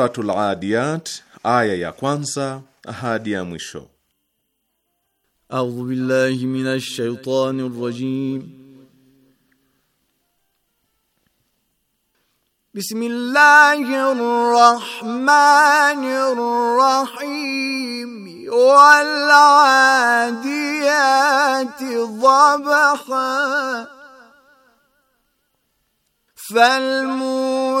Suratul Adiyat aya ya kwanza hadi ya mwisho. A'udhu billahi minash shaitanir rajim. بسم الله الرحمن الرحيم والعاديات ضبحا فالمور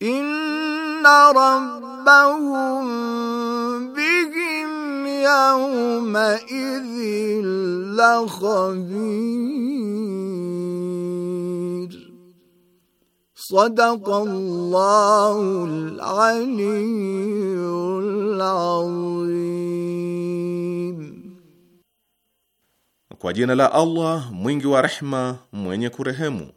inna rabbahum bihim yawma idhin lakhabir صدق الله العلي العظيم Kwa jina la Allah mwingi wa rehma mwenye kurehemu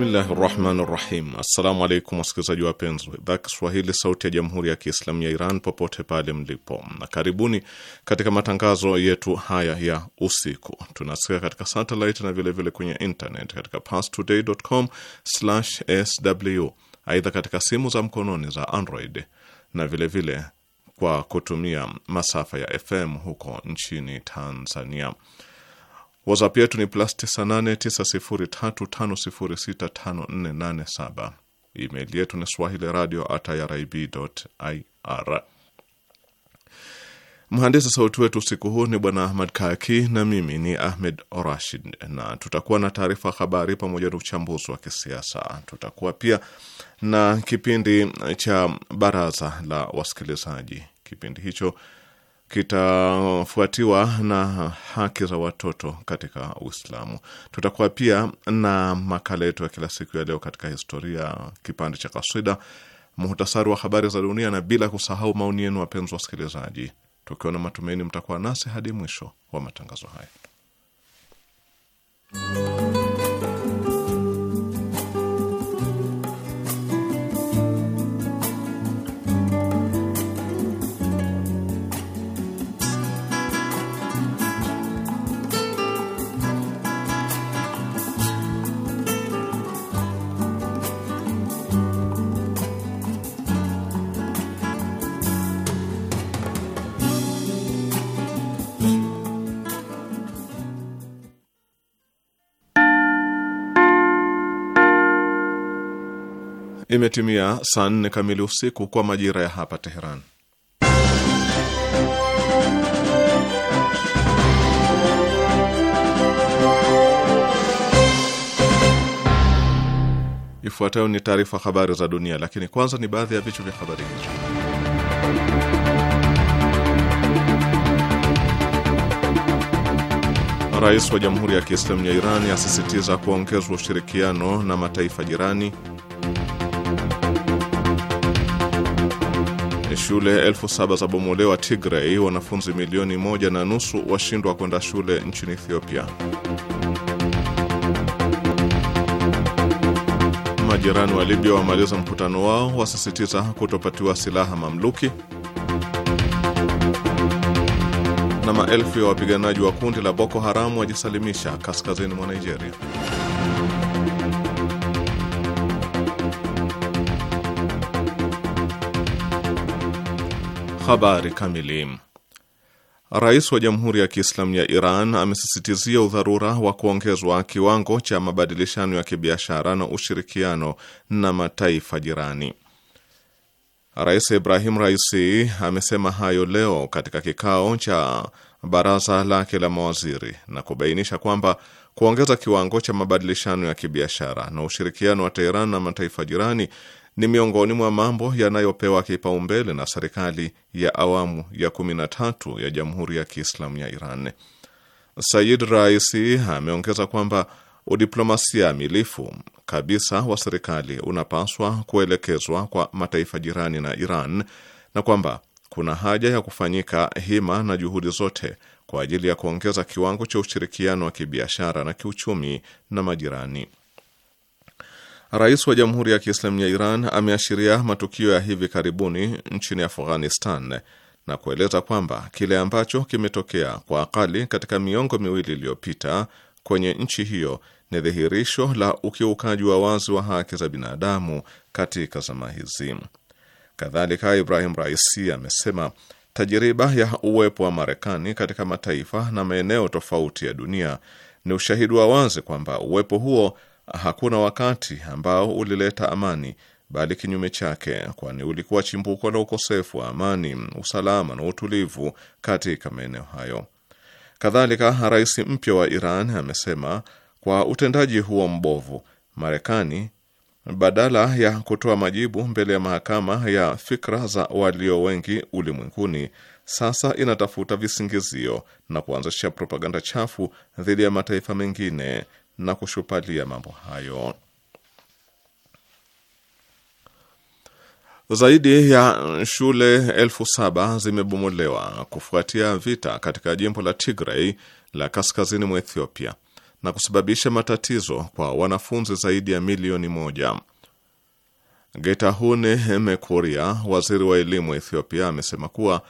Bismillahi rahmani rahim. Assalamu alaikum wasikilizaji wapenzi wa idhaa Kiswahili sauti ya jamhuri ya Kiislamu ya Iran popote pale mlipo, na karibuni katika matangazo yetu haya ya usiku. Tunasikia katika satellite na vilevile vile kwenye internet katika pastodaycom sw aidha katika simu za mkononi za Android na vilevile vile kwa kutumia masafa ya FM huko nchini Tanzania. WhatsApp yetu ni plus 989035065487. Email yetu ni swahili radio at irib ir. Mhandisi sauti wetu usiku huu ni Bwana Ahmad Kaki na mimi ni Ahmed Rashid, na tutakuwa na taarifa habari pamoja na uchambuzi wa kisiasa. Tutakuwa pia na kipindi cha baraza la wasikilizaji. Kipindi hicho kitafuatiwa na haki za watoto katika Uislamu. Tutakuwa pia na makala yetu ya kila siku ya leo katika historia, kipande cha kaswida, muhtasari wa habari za dunia, na bila kusahau maoni yenu, wapenzi wasikilizaji, tukiwa na matumaini mtakuwa nasi hadi mwisho wa matangazo haya. Imetimia saa nne kamili usiku kwa majira ya hapa Teheran. Ifuatayo ni taarifa habari za dunia, lakini kwanza ni baadhi ya vichwa vya habari hizo. Rais wa Jamhuri ya Kiislamu ya Iran asisitiza kuongezwa ushirikiano na mataifa jirani. shule elfu saba za bomolewa Tigrei, wanafunzi milioni moja na nusu washindwa kwenda shule nchini Ethiopia. Majirani wa Libya wamaliza mkutano wao, wasisitiza kutopatiwa silaha mamluki. Na maelfu ya wapiganaji wa kundi la Boko Haramu wajisalimisha kaskazini mwa Nigeria. Habari kamili. Rais wa Jamhuri ya Kiislamu ya Iran amesisitizia udharura wa kuongezwa kiwango cha mabadilishano ya kibiashara na ushirikiano na mataifa jirani. Rais Ibrahim Raisi amesema hayo leo katika kikao cha baraza lake la mawaziri na kubainisha kwamba kuongeza kiwango cha mabadilishano ya kibiashara na ushirikiano wa Teheran na mataifa jirani ni miongoni mwa mambo yanayopewa kipaumbele na serikali ya awamu ya 13 ya Jamhuri ya Kiislamu ya Iran. said Raisi ameongeza kwamba udiplomasia milifu kabisa wa serikali unapaswa kuelekezwa kwa mataifa jirani na Iran na kwamba kuna haja ya kufanyika hima na juhudi zote kwa ajili ya kuongeza kiwango cha ushirikiano wa kibiashara na kiuchumi na majirani. Rais wa Jamhuri ya Kiislamu ya Iran ameashiria matukio ya hivi karibuni nchini Afghanistan na kueleza kwamba kile ambacho kimetokea kwa akali katika miongo miwili iliyopita kwenye nchi hiyo ni dhihirisho la ukiukaji wa wazi wa haki za binadamu katika zama hizi. Kadhalika, Ibrahim Raisi amesema tajiriba ya uwepo wa Marekani katika mataifa na maeneo tofauti ya dunia ni ushahidi wa wazi kwamba uwepo huo Hakuna wakati ambao ulileta amani, bali kinyume chake, kwani ulikuwa chimbuko la ukosefu wa amani, usalama na utulivu katika maeneo hayo. Kadhalika, rais mpya wa Iran amesema kwa utendaji huo mbovu, Marekani badala ya kutoa majibu mbele ya mahakama ya fikra za walio wengi ulimwenguni, sasa inatafuta visingizio na kuanzisha propaganda chafu dhidi ya mataifa mengine na kushupalia mambo hayo. Zaidi ya shule elfu saba zimebomolewa kufuatia vita katika jimbo la Tigray la kaskazini mwa Ethiopia na kusababisha matatizo kwa wanafunzi zaidi ya milioni moja. Getahune Mekuria, waziri wa elimu wa Ethiopia, amesema kuwa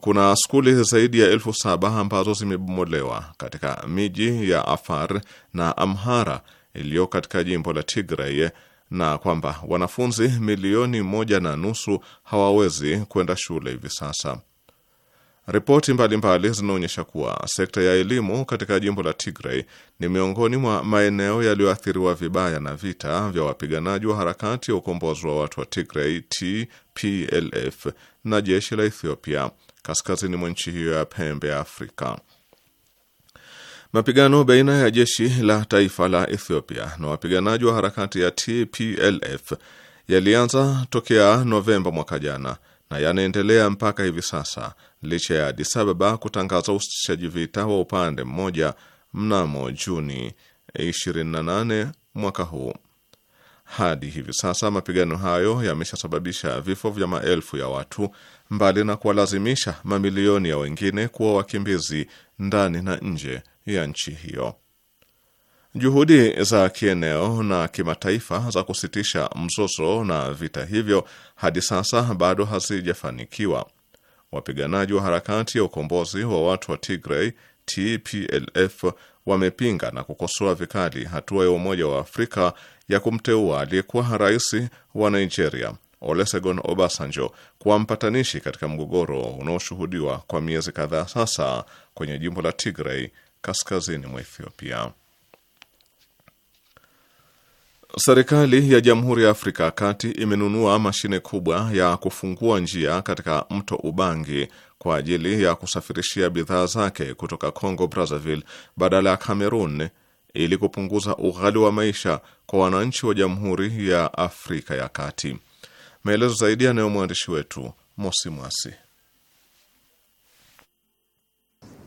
kuna skuli zaidi ya elfu saba ambazo zimebomolewa katika miji ya Afar na Amhara iliyo katika jimbo la Tigray na kwamba wanafunzi milioni moja na nusu hawawezi kwenda shule hivi sasa. Ripoti mbalimbali zinaonyesha kuwa sekta ya elimu katika jimbo la Tigray ni miongoni mwa maeneo yaliyoathiriwa vibaya na vita vya wapiganaji wa harakati ya ukombozi wa watu wa Tigray TPLF na jeshi la Ethiopia kaskazini mwa nchi hiyo ya pembe ya Afrika. Mapigano baina ya jeshi la taifa la Ethiopia na wapiganaji wa harakati ya TPLF yalianza tokea Novemba mwaka jana na yanaendelea mpaka hivi sasa licha ya Addis Ababa kutangaza usitishaji vita wa upande mmoja mnamo Juni 28 mwaka huu. Hadi hivi sasa mapigano hayo yameshasababisha vifo vya maelfu ya watu, mbali na kuwalazimisha mamilioni ya wengine kuwa wakimbizi ndani na nje ya nchi hiyo. Juhudi za kieneo na kimataifa za kusitisha mzozo na vita hivyo hadi sasa bado hazijafanikiwa. Wapiganaji wa harakati ya ukombozi wa watu wa Tigray TPLF wamepinga na kukosoa vikali hatua ya Umoja wa Afrika ya kumteua aliyekuwa rais wa Nigeria Olusegun Obasanjo kuwa mpatanishi katika mgogoro unaoshuhudiwa kwa miezi kadhaa sasa kwenye jimbo la Tigray kaskazini mwa Ethiopia. Serikali ya Jamhuri ya Afrika ya Kati imenunua mashine kubwa ya kufungua njia katika mto Ubangi kwa ajili ya kusafirishia bidhaa zake kutoka Congo Brazzaville badala ya Cameroon ili kupunguza ughali wa maisha kwa wananchi wa Jamhuri ya Afrika ya Kati. Maelezo zaidi yanayo mwandishi wetu Mosi Mwasi.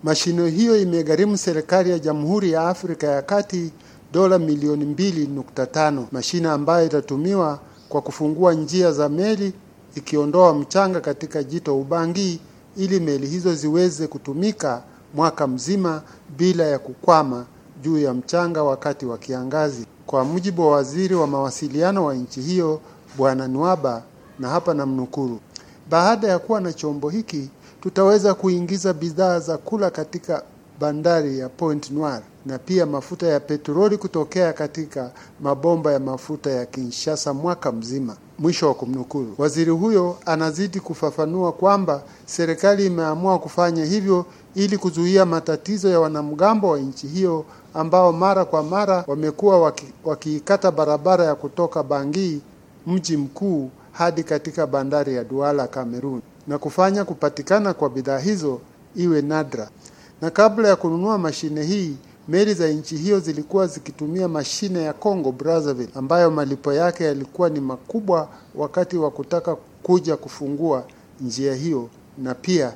Mashino hiyo imegharimu serikali ya Jamhuri ya Afrika ya Kati dola milioni mbili nukta tano. Mashine ambayo itatumiwa kwa kufungua njia za meli ikiondoa mchanga katika jito Ubangi ili meli hizo ziweze kutumika mwaka mzima bila ya kukwama juu ya mchanga wakati wa kiangazi, kwa mujibu wa waziri wa mawasiliano wa nchi hiyo Bwana Nwaba, na hapa na mnukuru baada ya kuwa na chombo hiki tutaweza kuingiza bidhaa za kula katika bandari ya Point Noir na pia mafuta ya petroli kutokea katika mabomba ya mafuta ya Kinshasa mwaka mzima. Mwisho wa kumnukuru. Waziri huyo anazidi kufafanua kwamba serikali imeamua kufanya hivyo ili kuzuia matatizo ya wanamgambo wa nchi hiyo ambao mara kwa mara wamekuwa waki, wakiikata barabara ya kutoka Bangui mji mkuu hadi katika bandari ya duala Kamerun, na kufanya kupatikana kwa bidhaa hizo iwe nadra. Na kabla ya kununua mashine hii Meli za nchi hiyo zilikuwa zikitumia mashine ya Congo Brazzaville ambayo malipo yake yalikuwa ni makubwa wakati wa kutaka kuja kufungua njia hiyo, na pia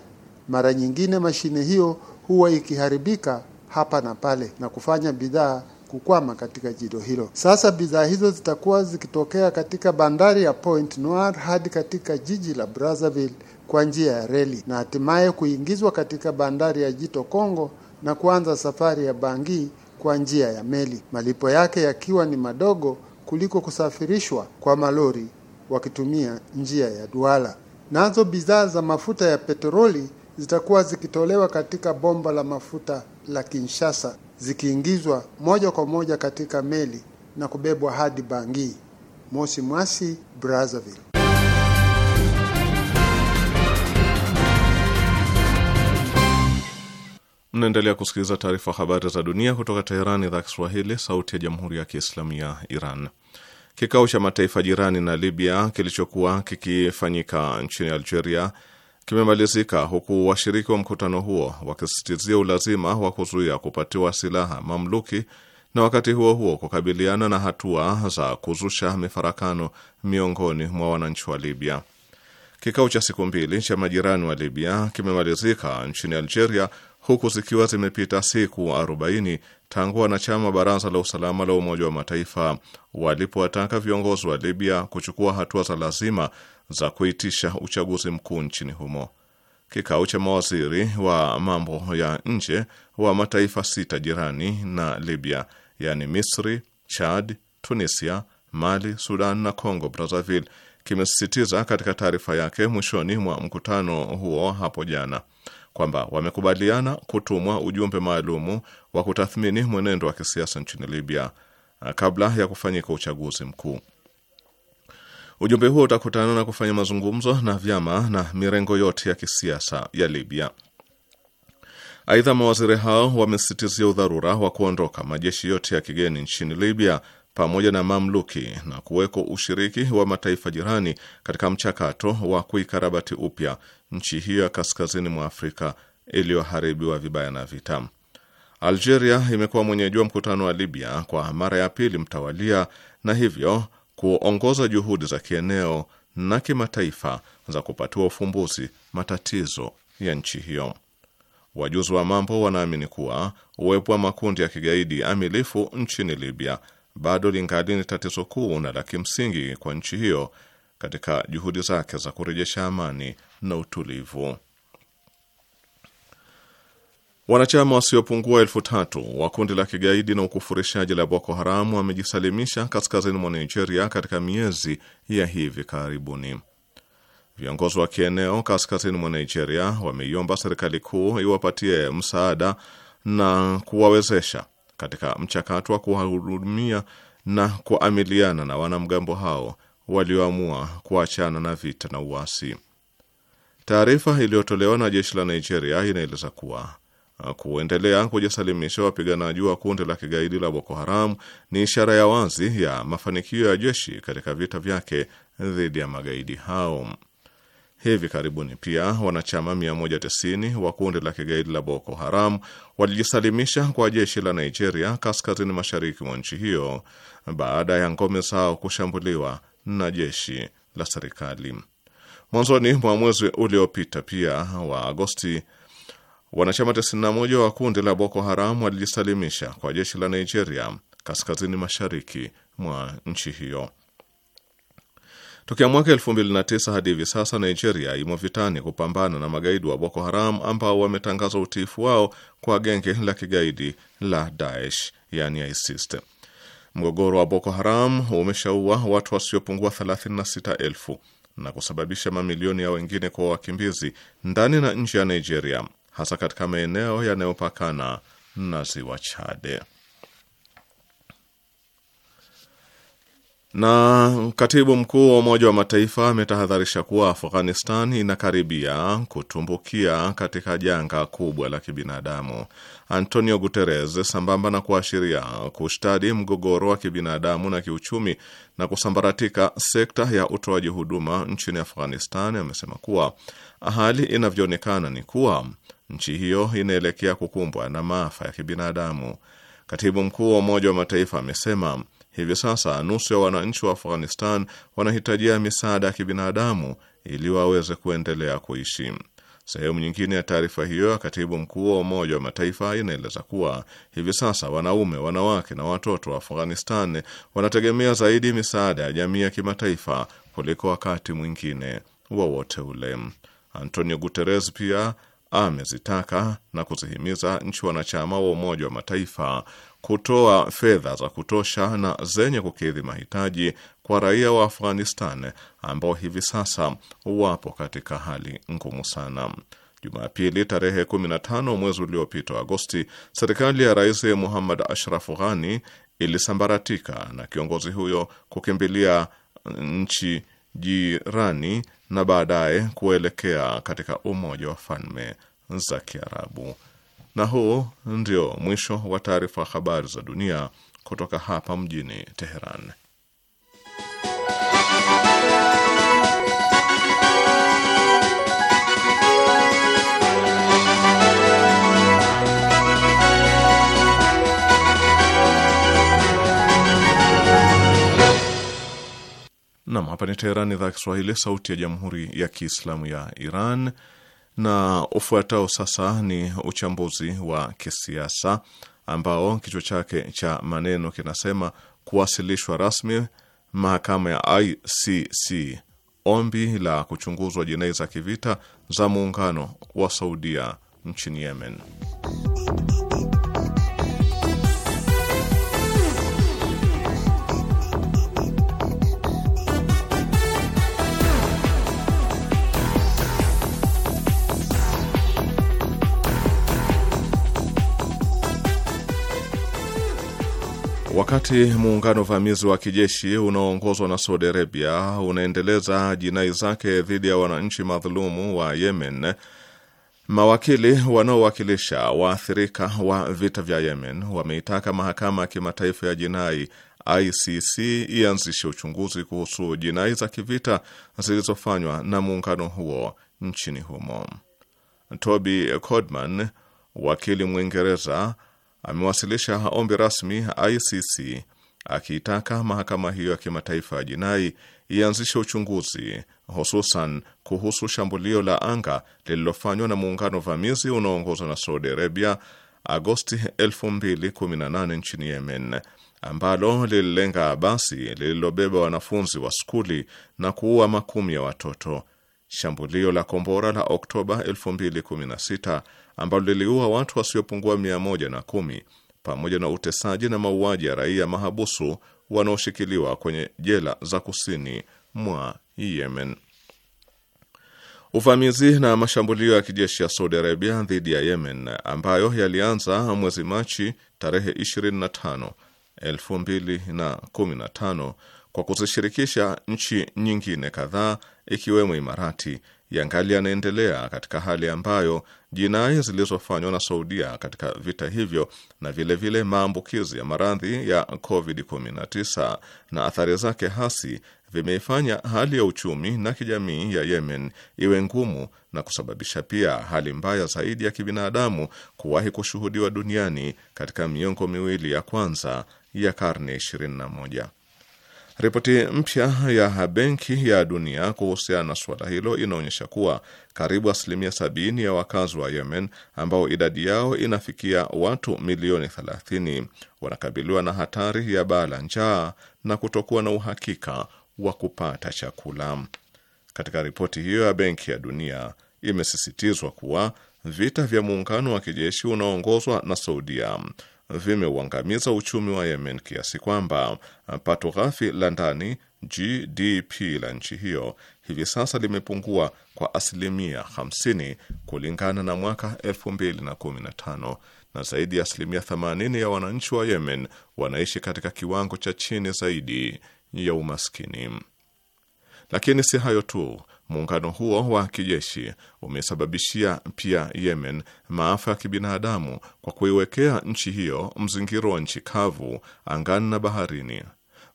mara nyingine mashine hiyo huwa ikiharibika hapa na pale na kufanya bidhaa kukwama katika jito hilo. Sasa bidhaa hizo zitakuwa zikitokea katika bandari ya Point Noir hadi katika jiji la Brazzaville kwa njia ya reli na hatimaye kuingizwa katika bandari ya jito Kongo na kuanza safari ya Bangi kwa njia ya meli, malipo yake yakiwa ni madogo kuliko kusafirishwa kwa malori wakitumia njia ya Duala. Nazo bidhaa za mafuta ya petroli zitakuwa zikitolewa katika bomba la mafuta la Kinshasa zikiingizwa moja kwa moja katika meli na kubebwa hadi Bangi. Mosi Mwasi, Brazzaville. Mnaendelea kusikiliza taarifa habari za dunia kutoka Teherani, idhaa Kiswahili, sauti ya jamhuri ya kiislamu ya Iran. Kikao cha mataifa jirani na Libya kilichokuwa kikifanyika nchini Algeria kimemalizika huku washiriki wa mkutano huo wakisisitizia ulazima wa kuzuia kupatiwa silaha mamluki na wakati huo huo kukabiliana na hatua za kuzusha mifarakano miongoni mwa wananchi wa Libya. Kikao cha siku mbili cha majirani wa Libya kimemalizika nchini Algeria huku zikiwa zimepita siku 40 tangu wanachama baraza la usalama la Umoja wa Mataifa walipowataka viongozi wa Libya kuchukua hatua za lazima za kuitisha uchaguzi mkuu nchini humo. Kikao cha mawaziri wa mambo ya nje wa mataifa sita jirani na Libya, yaani Misri, Chad, Tunisia, Mali, Sudan na Congo Brazzaville, kimesisitiza katika taarifa yake mwishoni mwa mkutano huo hapo jana kwamba wamekubaliana kutumwa ujumbe maalumu wa kutathmini mwenendo wa kisiasa nchini Libya uh, kabla ya kufanyika uchaguzi mkuu. Ujumbe huo utakutana na kufanya mazungumzo na vyama na mirengo yote ya kisiasa ya Libya. Aidha, mawaziri hao wamesisitizia udharura wa kuondoka majeshi yote ya kigeni nchini Libya pamoja na mamluki na kuweko ushiriki wa mataifa jirani katika mchakato wa kuikarabati upya nchi hiyo ya kaskazini mwa Afrika iliyoharibiwa vibaya na vita. Algeria imekuwa mwenyeji wa mkutano wa Libya kwa mara ya pili mtawalia, na hivyo kuongoza juhudi za kieneo na kimataifa za kupatiwa ufumbuzi matatizo ya nchi hiyo. Wajuzi wa mambo wanaamini kuwa uwepo wa makundi ya kigaidi amilifu nchini Libya bado lingali ni tatizo kuu na la kimsingi kwa nchi hiyo katika juhudi zake za kurejesha amani na utulivu. Wanachama wasiopungua elfu tatu wa kundi la kigaidi na ukufurishaji la Boko haram wamejisalimisha kaskazini mwa Nigeria katika miezi ya hivi karibuni. Viongozi wa kieneo kaskazini mwa Nigeria wameiomba serikali kuu iwapatie msaada na kuwawezesha katika mchakato wa kuwahudumia na kuamiliana na wanamgambo hao walioamua kuachana na vita na uasi. Taarifa iliyotolewa na jeshi la Nigeria inaeleza kuwa uh, kuendelea kujisalimisha wapiganaji wa kundi la kigaidi la Boko Haram ni ishara ya wazi ya mafanikio ya jeshi katika vita vyake dhidi ya magaidi hao. Hivi karibuni pia wanachama 190 wa kundi la kigaidi la Boko Haram walijisalimisha kwa jeshi la Nigeria kaskazini mashariki mwa nchi hiyo baada ya ngome zao kushambuliwa na jeshi la serikali. Mwanzoni mwa mwezi uliopita pia wa Agosti, wanachama 91 wa kundi la Boko Haram walijisalimisha kwa jeshi la Nigeria kaskazini mashariki mwa nchi hiyo. Tokea mwaka 2009 hadi hivi sasa Nigeria imo vitani kupambana na magaidi wa Boko Haram ambao wametangaza utiifu wao kwa genge la kigaidi la Daesh, yani ISIS. Mgogoro wa Boko Haram umeshaua watu wasiopungua elfu na kusababisha mamilioni ya wengine kwa wakimbizi ndani na nje ya Nigeria, hasa katika maeneo yanayopakana na ziwa Chade. Na katibu mkuu wa Umoja wa Mataifa ametahadharisha kuwa Afghanistan inakaribia kutumbukia katika janga kubwa la kibinadamu. Antonio Guterres, sambamba na kuashiria kushtadi mgogoro wa kibinadamu na kiuchumi na kusambaratika sekta ya utoaji huduma nchini Afghanistan, amesema kuwa hali inavyoonekana ni kuwa nchi hiyo inaelekea kukumbwa na maafa ya kibinadamu. Katibu mkuu wa Umoja wa Mataifa amesema Hivi sasa nusu ya wananchi wa Afghanistan wanahitajia misaada ya kibinadamu ili waweze kuendelea kuishi. Sehemu nyingine ya taarifa hiyo ya katibu mkuu wa Umoja wa Mataifa inaeleza kuwa hivi sasa wanaume, wanawake na watoto wa Afghanistan wanategemea zaidi misaada ya jamii ya kimataifa kuliko wakati mwingine wowote ule. Antonio Guterres pia amezitaka na kuzihimiza nchi wanachama wa Umoja wa Mataifa kutoa fedha za kutosha na zenye kukidhi mahitaji kwa raia wa Afghanistan ambao hivi sasa wapo katika hali ngumu sana. Jumapili tarehe 15 mwezi uliopita Agosti, serikali ya Rais Muhammad Ashraf Ghani ilisambaratika na kiongozi huyo kukimbilia nchi jirani na baadaye kuelekea katika Umoja wa Falme za Kiarabu. Na huu ndio mwisho wa taarifa habari za dunia kutoka hapa mjini Teheran. Nam, hapa ni Teherani, idhaa ya Kiswahili, sauti ya jamhuri ya kiislamu ya Iran. Na ufuatao sasa ni uchambuzi wa kisiasa ambao kichwa chake cha maneno kinasema kuwasilishwa rasmi mahakama ya ICC ombi la kuchunguzwa jinai za kivita za muungano wa Saudia nchini Yemen. Wakati muungano vamizi wa kijeshi unaoongozwa na Saudi Arabia unaendeleza jinai zake dhidi ya wananchi madhulumu wa Yemen, mawakili wanaowakilisha waathirika wa vita vya Yemen wameitaka mahakama ya kimataifa ya jinai ICC ianzishe uchunguzi kuhusu jinai za kivita zilizofanywa na muungano huo nchini humo. Toby Codman, wakili Mwingereza amewasilisha ombi rasmi ICC akiitaka mahakama hiyo ya kimataifa ya jinai ianzishe uchunguzi hususan kuhusu shambulio la anga lililofanywa na muungano vamizi unaoongozwa na Saudi Arabia Agosti 2018 nchini Yemen, ambalo lililenga basi lililobeba wanafunzi wa skuli na kuua makumi ya watoto. Shambulio la kombora la Oktoba 2016 ambalo liliua watu wasiopungua mia moja na kumi pamoja na utesaji na mauaji ya raia mahabusu wanaoshikiliwa kwenye jela za kusini mwa Yemen. Uvamizi na mashambulio ya kijeshi ya Saudi Arabia dhidi ya Yemen ambayo yalianza mwezi Machi tarehe 25, 2015 kwa kuzishirikisha nchi nyingine kadhaa ikiwemo Imarati yangali yanaendelea katika hali ambayo jinai zilizofanywa na Saudia katika vita hivyo na vilevile maambukizi ya maradhi ya COVID-19 na athari zake hasi vimeifanya hali ya uchumi na kijamii ya Yemen iwe ngumu na kusababisha pia hali mbaya zaidi ya kibinadamu kuwahi kushuhudiwa duniani katika miongo miwili ya kwanza ya karne 21. Ripoti mpya ya Benki ya Dunia kuhusiana na suala hilo inaonyesha kuwa karibu asilimia sabini ya wakazi wa Yemen ambao idadi yao inafikia watu milioni 30 wanakabiliwa na hatari ya baa la njaa na kutokuwa na uhakika wa kupata chakula. Katika ripoti hiyo ya Benki ya Dunia imesisitizwa kuwa vita vya muungano wa kijeshi unaoongozwa na Saudia vimeuangamiza uchumi wa Yemen kiasi kwamba pato ghafi la ndani GDP la nchi hiyo hivi sasa limepungua kwa asilimia 50 kulingana na mwaka 2015 na zaidi ya asilimia 80 ya wananchi wa Yemen wanaishi katika kiwango cha chini zaidi ya umaskini. Lakini si hayo tu, Muungano huo wa kijeshi umesababishia pia Yemen maafa ya kibinadamu kwa kuiwekea nchi hiyo mzingiro wa nchi kavu, angani na baharini.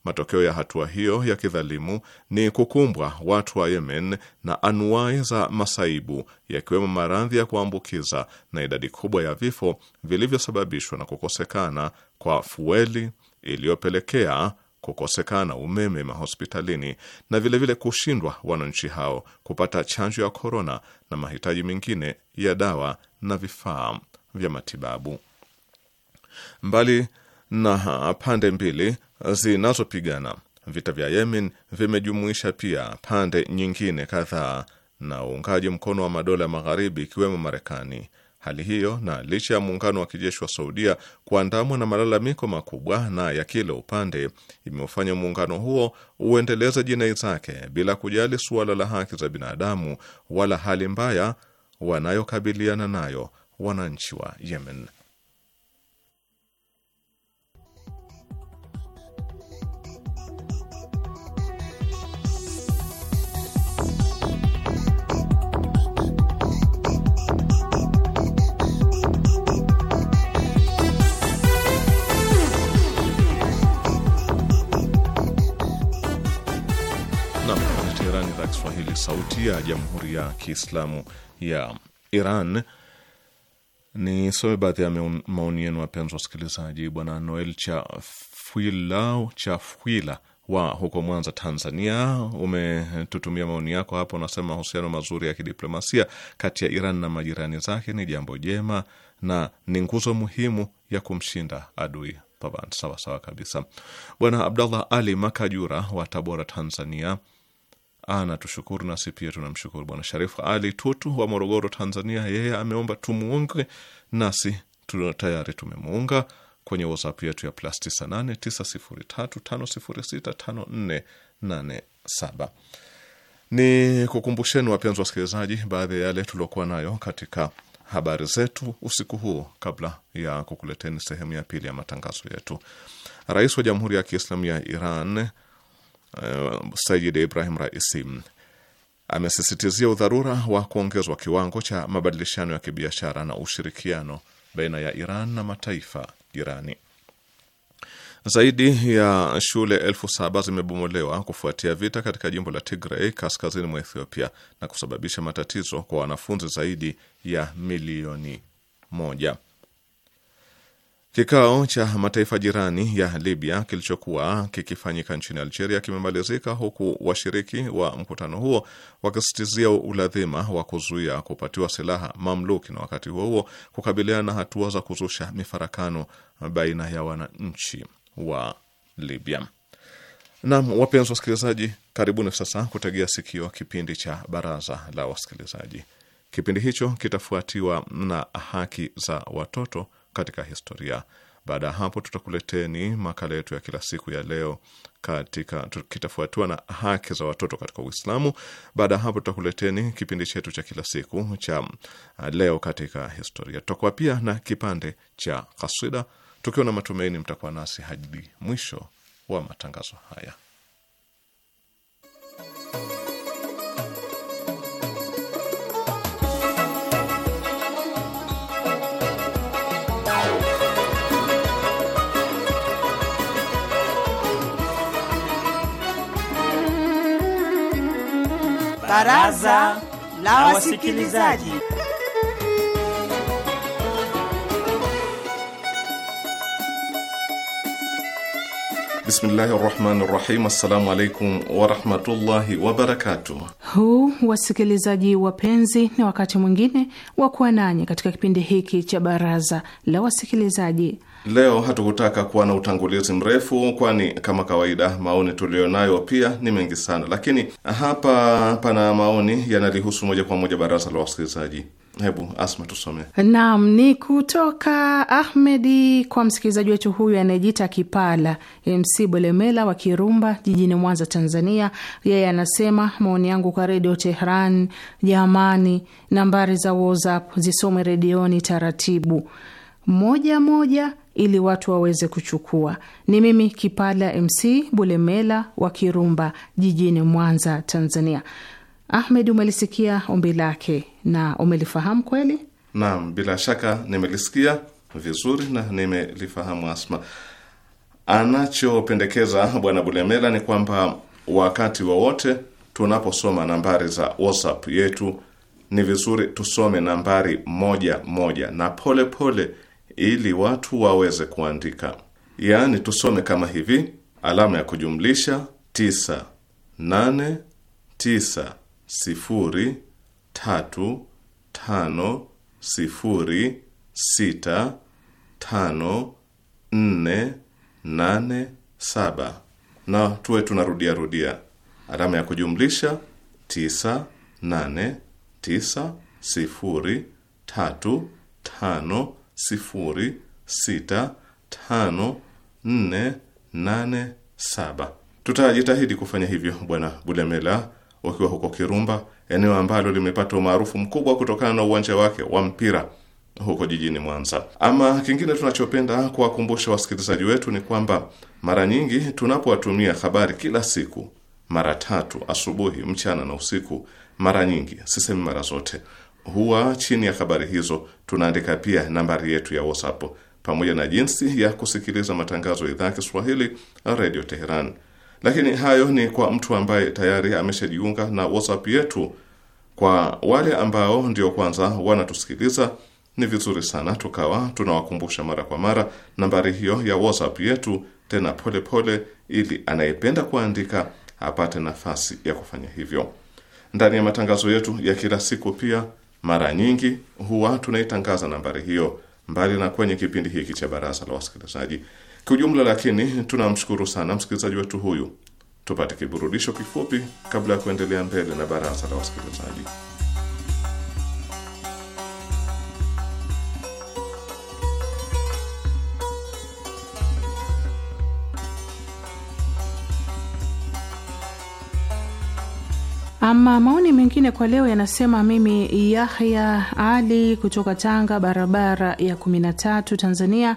Matokeo ya hatua hiyo ya kidhalimu ni kukumbwa watu wa Yemen na anuwai za masaibu, yakiwemo maradhi ya kuambukiza na idadi kubwa ya vifo vilivyosababishwa na kukosekana kwa fueli iliyopelekea kukosekana umeme mahospitalini na vilevile vile kushindwa wananchi hao kupata chanjo ya korona na mahitaji mengine ya dawa na vifaa vya matibabu. Mbali na pande mbili zinazopigana, vita vya Yemen vimejumuisha pia pande nyingine kadhaa na uungaji mkono wa madola magharibi ikiwemo Marekani Hali hiyo na licha ya muungano wa kijeshi wa Saudia kuandamwa na malalamiko makubwa na ya kila upande, imeufanya muungano huo uendeleze jinai zake bila kujali suala la haki za binadamu wala hali mbaya wanayokabiliana nayo wananchi wa Yemen. magazeti ya Jamhuri ya Kiislamu ya Iran. Ni some baadhi ya maoni yenu, wapenzi wasikilizaji. Bwana Noel Chafwila Chafwila wa huko Mwanza, Tanzania, umetutumia maoni yako hapo. Unasema mahusiano mazuri ya kidiplomasia kati ya Iran na majirani zake ni jambo jema na ni nguzo muhimu ya kumshinda adui. Sawasawa kabisa. Bwana Abdallah Ali Makajura wa Tabora, Tanzania anatushukuru, nasi pia tunamshukuru. Bwana Sharifu Ali Tutu wa Morogoro, Tanzania, yeye ameomba tumuunge, nasi tayari tumemuunga kwenye WhatsApp yetu ya plus 989035065487. Ni kukumbusheni wapenzi wasikilizaji, baadhi ya yale tuliokuwa nayo katika habari zetu usiku huu kabla ya kukuleteni sehemu ya pili ya matangazo yetu. Rais wa Jamhuri ya Kiislamu ya Iran uh, Ibrahim Raisi mm, amesisitizia udharura wa kuongezwa kiwango cha mabadilishano ya kibiashara na ushirikiano baina ya Iran na mataifa jirani. Zaidi ya shule elfu saba zimebomolewa kufuatia vita katika jimbo la Tigray kaskazini mwa Ethiopia na kusababisha matatizo kwa wanafunzi zaidi ya milioni moja. Kikao cha mataifa jirani ya Libya kilichokuwa kikifanyika nchini Algeria kimemalizika huku washiriki wa mkutano huo wakisisitizia ulazima wa kuzuia kupatiwa silaha mamluki na wakati huo huo kukabiliana na hatua za kuzusha mifarakano baina ya wananchi wa Libya. Naam, wapenzi wasikilizaji, karibuni sasa kutegea sikio kipindi cha Baraza la Wasikilizaji. Kipindi hicho kitafuatiwa na Haki za Watoto katika historia. Baada ya hapo, tutakuleteni makala yetu ya kila siku ya leo katika, kitafuatiwa na haki za watoto katika Uislamu. Baada ya hapo, tutakuleteni kipindi chetu cha kila siku cha uh, leo katika historia. Tutakuwa pia na kipande cha kasida, tukiwa na matumaini mtakuwa nasi hadi mwisho wa matangazo haya. Baraza la Wasikilizaji. Bismillahi rahmani rahim. Assalamu alaikum warahmatullahi wabarakatuh. Huu wasikilizaji wapenzi, ni wakati mwingine wa kuwa nanyi katika kipindi hiki cha baraza la wasikilizaji Leo hatukutaka kuwa na utangulizi mrefu, kwani kama kawaida maoni tuliyonayo pia ni mengi sana, lakini hapa pana maoni yanalihusu moja kwa moja baraza la wasikilizaji. Hebu Asma tusome. Naam, ni kutoka Ahmedi kwa msikilizaji wetu huyu anayejita Kipala MC Bulemela wa Kirumba jijini Mwanza, Tanzania. Yeye anasema maoni yangu kwa Redio Tehran, jamani, nambari za WhatsApp zisome redioni taratibu, moja moja ili watu waweze kuchukua. Ni mimi Kipala MC Bulemela wa Kirumba jijini Mwanza, Tanzania. Ahmed, umelisikia ombi lake na umelifahamu kweli? Naam, bila shaka nimelisikia vizuri na nimelifahamu. Asma, anachopendekeza bwana Bulemela ni kwamba wakati wowote wa tunaposoma nambari za WhatsApp yetu ni vizuri tusome nambari moja moja na polepole pole ili watu waweze kuandika. Yaani tusome kama hivi: alama ya kujumlisha 9 8 tisa sifuri tatu tano sifuri nane saba na tuwe tunarudia rudia alama ya kujumlisha tisa nane tisa sifuri tatu tano sifuri sita tano nne nane saba. Tutajitahidi kufanya hivyo, Bwana Bulemela, wakiwa huko Kirumba, eneo ambalo limepata umaarufu mkubwa kutokana na uwanja wake wa mpira huko jijini Mwanza. Ama kingine tunachopenda kuwakumbusha wasikilizaji wetu ni kwamba mara nyingi tunapowatumia habari kila siku mara tatu, asubuhi, mchana na usiku, mara nyingi, sisemi mara zote, huwa chini ya habari hizo tunaandika pia nambari yetu ya WhatsApp pamoja na jinsi ya kusikiliza matangazo ya idhaa Kiswahili Radio Teheran. Lakini hayo ni kwa mtu ambaye tayari ameshajiunga na WhatsApp yetu. Kwa wale ambao ndio kwanza wanatusikiliza, ni vizuri sana tukawa tunawakumbusha mara kwa mara nambari hiyo ya WhatsApp yetu, tena polepole pole, ili anayependa kuandika apate nafasi ya kufanya hivyo ndani ya matangazo yetu ya kila siku. Pia mara nyingi huwa tunaitangaza nambari hiyo mbali na kwenye kipindi hiki cha baraza la wasikilizaji kiujumla. Lakini tunamshukuru sana msikilizaji wetu huyu. Tupate kiburudisho kifupi kabla ya kuendelea mbele na baraza la wasikilizaji. Ama maoni mengine kwa leo yanasema, mimi Yahya Ali kutoka Tanga, barabara ya 13 Tanzania.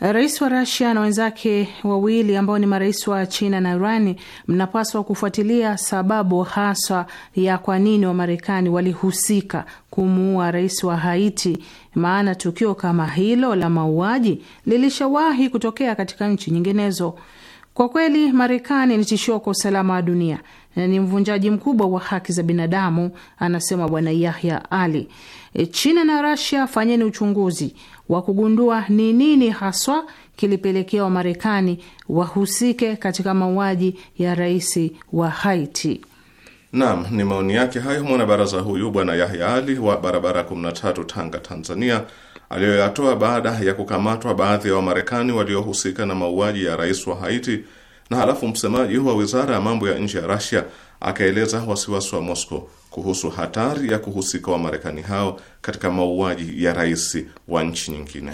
Rais wa Rasia na wenzake wawili ambao ni marais wa China na Irani, mnapaswa kufuatilia sababu haswa ya kwa nini Wamarekani walihusika kumuua rais wa Haiti, maana tukio kama hilo la mauaji lilishawahi kutokea katika nchi nyinginezo. Kwa kweli, Marekani ni tishio kwa usalama wa dunia na ni mvunjaji mkubwa wa haki za binadamu, anasema Bwana Yahya Ali. E, China na Rasia, fanyeni uchunguzi wa kugundua ni nini haswa kilipelekea Wamarekani wahusike katika mauaji ya rais wa Haiti. Naam, ni maoni yake hayo mwanabaraza huyu Bwana Yahya Ali wa barabara 13 Tanga, Tanzania aliyoyatoa baada ya kukamatwa baadhi ya Wamarekani waliohusika na mauaji ya rais wa Haiti, na halafu msemaji wa wizara ya mambo ya nje ya rasia akaeleza wasiwasi wa Moscow kuhusu hatari ya kuhusika Wamarekani hao katika mauaji ya rais wa nchi nyingine.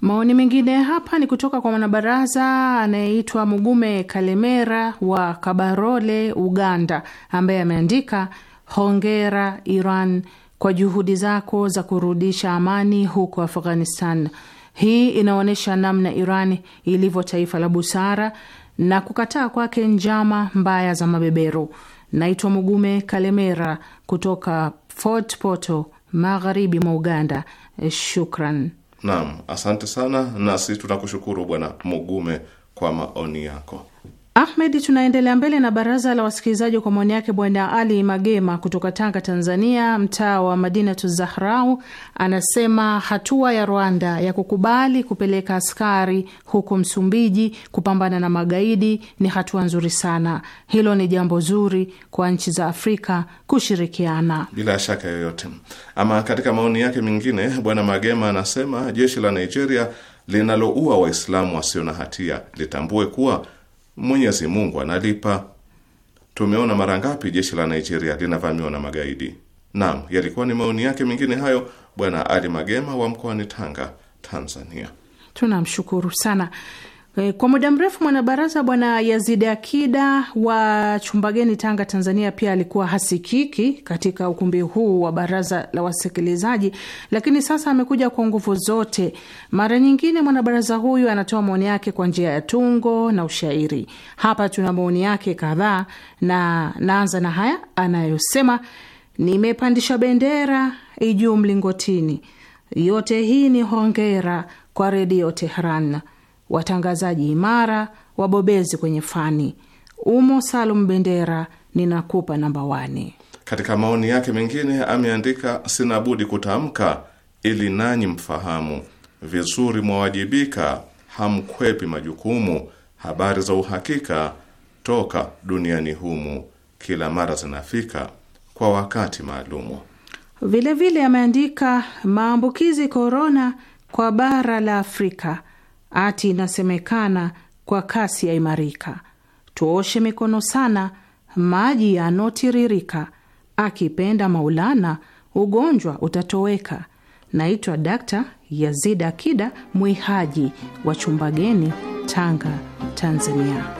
Maoni mengine hapa ni kutoka kwa mwanabaraza anayeitwa Mugume Kalemera wa Kabarole, Uganda, ambaye ameandika hongera Iran kwa juhudi zako za kurudisha amani huko Afghanistan. Hii inaonyesha namna iran ilivyo taifa la busara na kukataa kwake njama mbaya za mabeberu. Naitwa Mugume Kalemera kutoka Fort Poto, magharibi mwa Uganda. Shukran. Naam, asante sana, nasi tunakushukuru Bwana Mugume kwa maoni yako. Ahmed, tunaendelea mbele na baraza la wasikilizaji kwa maoni yake bwana Ali Magema kutoka Tanga, Tanzania, mtaa wa Madinatu Zahrau, anasema hatua ya Rwanda ya kukubali kupeleka askari huko Msumbiji kupambana na magaidi ni hatua nzuri sana. Hilo ni jambo zuri kwa nchi za Afrika kushirikiana bila shaka yoyote. Ama katika maoni yake mengine, bwana Magema anasema jeshi la Nigeria linaloua Waislamu wasio na hatia litambue kuwa Mwenyezi Mungu analipa. Tumeona mara ngapi jeshi la Nigeria linavamiwa na magaidi. Naam, yalikuwa ni maoni yake mengine hayo Bwana Ali Magema wa mkoani Tanga, Tanzania. Tunamshukuru sana. Eh, kwa muda mrefu mwanabaraza Bwana Yazidi Akida wa Chumbageni, Tanga, Tanzania, pia alikuwa hasikiki katika ukumbi huu wa baraza la wasikilizaji, lakini sasa amekuja kwa nguvu zote. Mara nyingine mwanabaraza huyu anatoa maoni yake kwa njia ya tungo na ushairi. Hapa tuna maoni yake kadhaa, na naanza na haya anayosema: nimepandisha bendera ijuu mlingotini, yote hii ni hongera kwa Redio Tehran watangazaji imara, wabobezi kwenye fani. Umo Salum Bendera, ninakupa namba wani. Katika maoni yake mengine ameandika, sina budi kutamka ili nanyi mfahamu vizuri, mwawajibika, hamkwepi majukumu, habari za uhakika toka duniani humu, kila mara zinafika kwa wakati maalumu. Vilevile ameandika maambukizi korona kwa bara la Afrika ati inasemekana kwa kasi ya imarika. Tuoshe mikono sana, maji yanotiririka. Akipenda Maulana, ugonjwa utatoweka. Naitwa Dakta Yazida Akida Mwihaji wa Chumbageni, Tanga, Tanzania.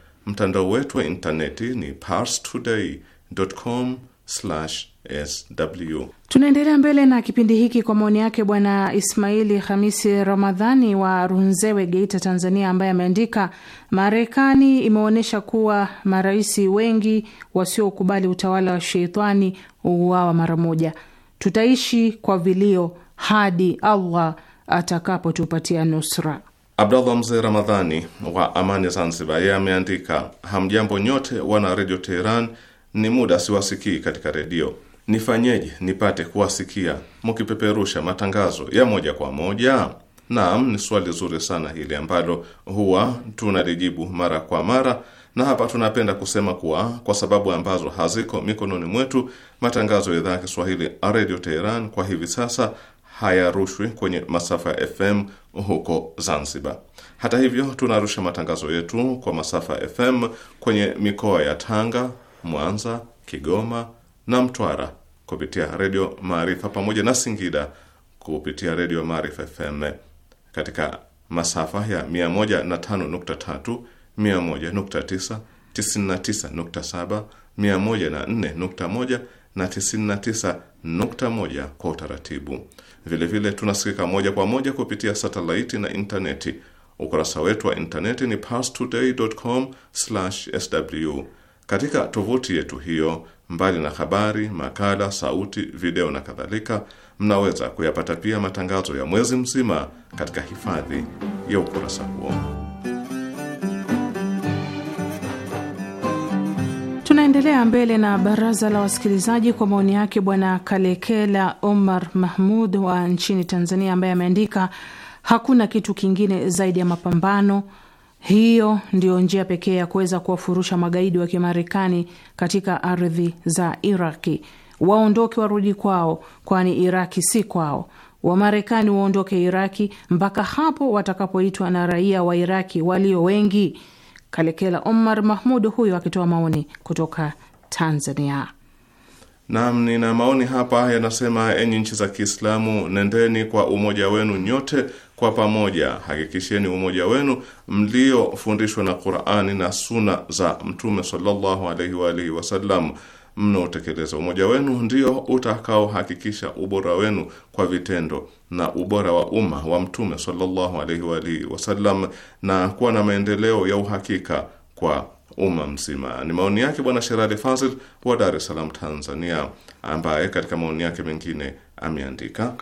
Mtandao wetu wa intaneti ni parstoday.com sw. Tunaendelea mbele na kipindi hiki kwa maoni yake Bwana Ismaili Hamisi Ramadhani wa Runzewe, Geita, Tanzania, ambaye ameandika Marekani imeonyesha kuwa marais wengi wasiokubali utawala wa sheitani uuawa mara moja. Tutaishi kwa vilio hadi Allah atakapotupatia nusra. Abdallah Mzee Ramadhani wa Amani Zanzibar, yeye ameandika hamjambo nyote wana Redio Teheran, ni muda siwasikii katika redio, nifanyeje nipate kuwasikia mkipeperusha matangazo ya moja kwa moja? Naam, ni swali zuri sana hili ambalo huwa tunalijibu mara kwa mara, na hapa tunapenda kusema kuwa kwa sababu ambazo haziko mikononi mwetu, matangazo ya idhaa ya Kiswahili Redio Teheran kwa hivi sasa hayarushwi kwenye masafa ya FM huko Zanzibar. Hata hivyo, tunarusha matangazo yetu kwa masafa ya FM kwenye mikoa ya Tanga, Mwanza, Kigoma na Mtwara kupitia Redio Maarifa pamoja na Singida kupitia Redio Maarifa FM katika masafa ya 105.3, 101.9, 99.7, 104.1 na 99 nukta moja kwa utaratibu. Vilevile vile, tunasikika moja kwa moja kupitia satelaiti na intaneti. Ukurasa wetu wa intaneti ni parstoday.com/sw. Katika tovuti yetu hiyo, mbali na habari, makala, sauti, video na kadhalika, mnaweza kuyapata pia matangazo ya mwezi mzima katika hifadhi ya ukurasa huo. Tunaendelea mbele na baraza la wasikilizaji kwa maoni yake Bwana Kalekela Omar Mahmud wa nchini Tanzania, ambaye ameandika hakuna kitu kingine zaidi ya mapambano. Hiyo ndiyo njia pekee ya kuweza kuwafurusha magaidi wa Kimarekani katika ardhi za Iraki. Waondoke warudi kwao, kwani Iraki si kwao. Wamarekani waondoke Iraki mpaka hapo watakapoitwa na raia wa Iraki walio wengi Kalekela Omar Mahmud huyo akitoa maoni kutoka Tanzania. Naam, nina maoni hapa yanasema: enyi nchi za Kiislamu, nendeni kwa umoja wenu nyote kwa pamoja, hakikisheni umoja wenu mliofundishwa na Qur'ani na suna za Mtume sallallahu alaihi wa alihi wasallam mnaotekeleza. Umoja wenu ndio utakaohakikisha ubora wenu kwa vitendo na ubora wa umma wa Mtume sallallahu alaihi wa alihi wasallam na kuwa na maendeleo ya uhakika kwa umma mzima. Ni maoni yake Bwana Sherali Fazil wa Dar es Salaam, Tanzania, ambaye katika maoni yake mengine ameandika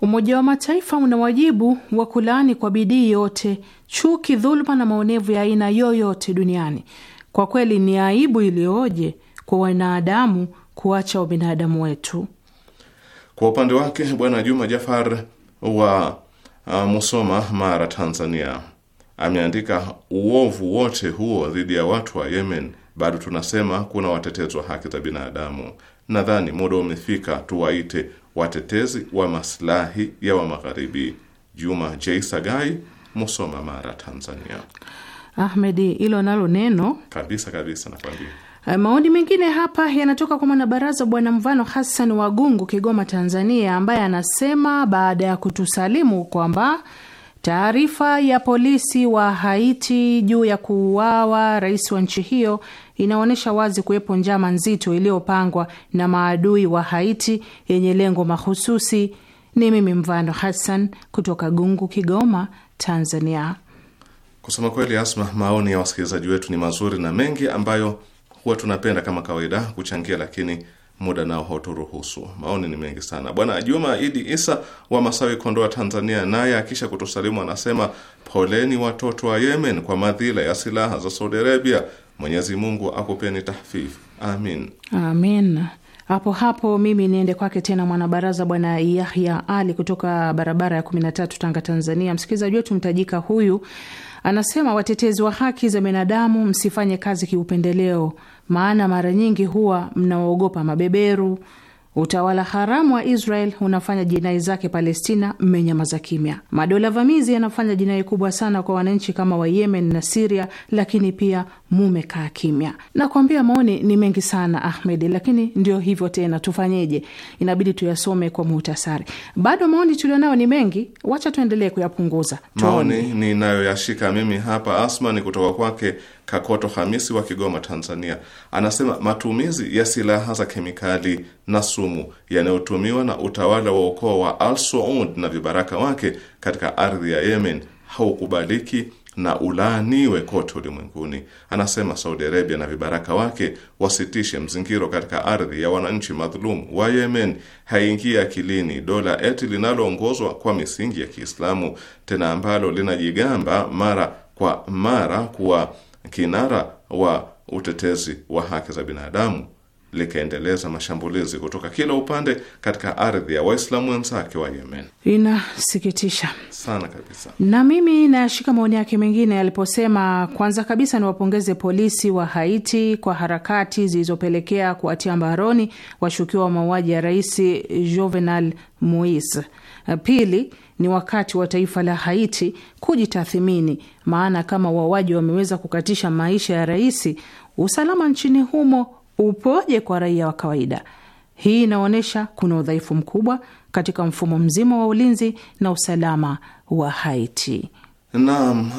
Umoja wa Mataifa una wajibu wa kulaani kwa bidii yote chuki, dhuluma na maonevu ya aina yoyote duniani. Kwa kweli ni aibu iliyoje kwa wanadamu kuacha ubinadamu wetu. Kwa upande wake Bwana Juma Jafar wa uh, Musoma, Mara, Tanzania ameandika uovu wote huo dhidi ya watu wa Yemen bado tunasema kuna watetezi wa haki za binadamu. Nadhani muda umefika tuwaite watetezi wa maslahi ya wa magharibi. Juma J Sagai, Musoma, Mara, Tanzania. Ahmedi, hilo nalo neno kabisa kabisa, nakwambia Eh, maoni mengine hapa yanatoka kwa mwanabaraza Bwana Mvano Hassan Wagungu, Kigoma, Tanzania, ambaye anasema baada ya kutusalimu kwamba taarifa ya polisi wa Haiti juu ya kuuawa rais wa nchi hiyo inaonyesha wazi kuwepo njama nzito iliyopangwa na maadui wa Haiti yenye lengo mahususi. Ni mimi Mvano Hassan kutoka Gungu, Kigoma, Tanzania. Kusema kweli, Asma, maoni ya wasikilizaji wetu ni mazuri na mengi ambayo huwa tunapenda kama kawaida kuchangia, lakini muda nao hauturuhusu. Maoni ni mengi sana. Bwana Juma Idi Isa wa Masawi, Kondoa, Tanzania, naye akisha kutusalimu anasema poleni watoto wa Yemen kwa madhila ya silaha za Saudi Arabia. Mwenyezi Mungu akupeni tahfifu, amin, amin. Hapo hapo mimi niende kwake tena mwanabaraza bwana Yahya Ali kutoka barabara ya kumi na tatu Tanga, Tanzania. Msikilizaji wetu mtajika huyu Anasema, watetezi wa haki za binadamu, msifanye kazi kiupendeleo, maana mara nyingi huwa mnawaogopa mabeberu, Utawala haramu wa Israel unafanya jinai zake Palestina, mmenyamaza kimya. Madola vamizi yanafanya jinai kubwa sana kwa wananchi kama wa Yemen na Siria, lakini pia mumekaa kimya. Nakwambia maoni ni mengi sana Ahmed, lakini ndio hivyo tena, tufanyeje? Inabidi tuyasome kwa muhtasari. Bado maoni tulionayo ni mengi, wacha tuendelee kuyapunguza. Maoni ninayoyashika mimi hapa Asma ni kutoka kwake Kakoto Hamisi wa Kigoma, Tanzania, anasema matumizi ya silaha za kemikali na sumu yanayotumiwa na utawala wa ukoo wa Al Saud na vibaraka wake katika ardhi ya Yemen haukubaliki na ulaaniwe kote ulimwenguni. Anasema Saudi Arabia na vibaraka wake wasitishe mzingiro katika ardhi ya wananchi madhulumu wa Yemen. Haingie akilini dola eti linaloongozwa kwa misingi ya Kiislamu, tena ambalo linajigamba mara kwa mara kuwa kinara wa utetezi wa haki za binadamu likaendeleza mashambulizi kutoka kila upande katika ardhi ya Waislamu wenzake wa Yemen. Inasikitisha sana kabisa, na mimi nayashika maoni yake mengine yaliposema, kwanza kabisa niwapongeze polisi wa Haiti kwa harakati zilizopelekea kuwatia mbaroni washukiwa wa mauaji ya Rais Jovenal Moise. Pili, ni wakati wa taifa la Haiti kujitathimini, maana kama wauaji wameweza kukatisha maisha ya rais, usalama nchini humo upoje kwa raia wa kawaida? Hii inaonyesha kuna udhaifu mkubwa katika mfumo mzima wa ulinzi na usalama wa Haiti. Naam,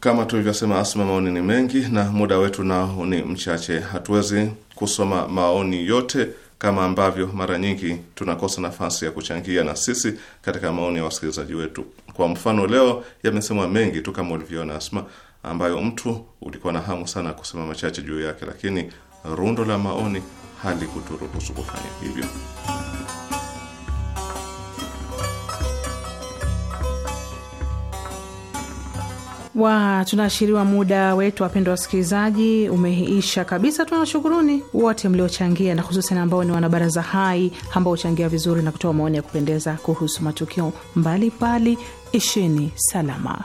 kama tulivyosema, Asma, maoni ni mengi na muda wetu nao ni mchache, hatuwezi kusoma maoni yote kama ambavyo mara nyingi tunakosa nafasi ya kuchangia na sisi katika maoni ya wasikilizaji wetu. Kwa mfano, leo yamesemwa mengi tu kama ulivyoona Asma, ambayo mtu ulikuwa na hamu sana kusema machache juu yake, lakini rundo la maoni halikuturuhusu kufanya hivyo. wa tunaashiriwa muda wetu, wapendwa wasikilizaji, umeisha kabisa. Tunawashukuruni wote mliochangia na hususan ambao ni wanabaraza hai ambao huchangia vizuri na kutoa maoni ya kupendeza kuhusu matukio mbalimbali. Ishini salama.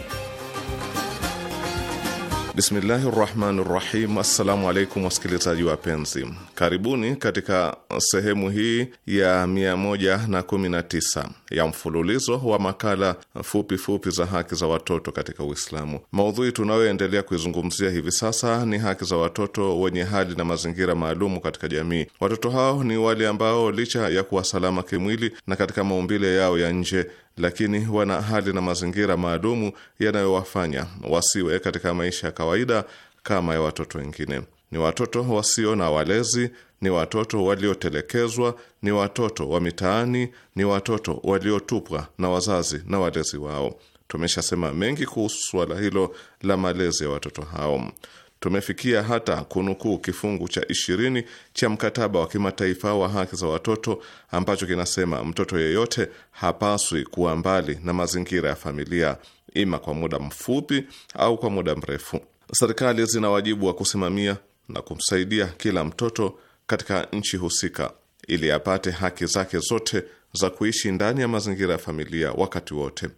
Bismillahi rahmani rahim. Assalamu alaikum wasikilizaji wapenzi, karibuni katika sehemu hii ya 119 ya mfululizo wa makala fupi fupi za haki za watoto katika Uislamu. Maudhui tunayoendelea kuizungumzia hivi sasa ni haki za watoto wenye hali na mazingira maalumu katika jamii. Watoto hao ni wale ambao licha ya kuwa salama kimwili na katika maumbile yao ya nje lakini wana hali na mazingira maalumu yanayowafanya wasiwe katika maisha ya kawaida kama ya watoto wengine. Ni watoto wasio na walezi, ni watoto waliotelekezwa, ni watoto wa mitaani, ni watoto waliotupwa na wazazi na walezi wao. Tumeshasema mengi kuhusu suala hilo la malezi ya watoto hao tumefikia hata kunukuu kifungu cha ishirini cha mkataba wa kimataifa wa haki za watoto ambacho kinasema mtoto yeyote hapaswi kuwa mbali na mazingira ya familia, ima kwa muda mfupi au kwa muda mrefu. Serikali zina wajibu wa kusimamia na kumsaidia kila mtoto katika nchi husika ili apate haki zake zote za kuishi ndani ya mazingira ya familia wakati wote.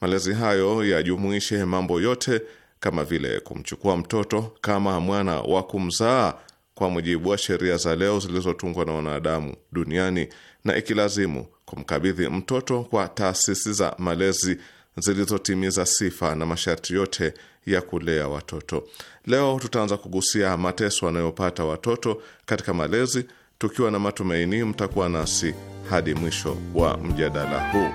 Malezi hayo yajumuishe mambo yote kama vile kumchukua mtoto kama mwana wa kumzaa kwa mujibu wa sheria za leo zilizotungwa na wanadamu duniani, na ikilazimu kumkabidhi mtoto kwa taasisi za malezi zilizotimiza sifa na masharti yote ya kulea watoto. Leo tutaanza kugusia mateso wanayopata watoto katika malezi, tukiwa na matumaini mtakuwa nasi hadi mwisho wa mjadala huu.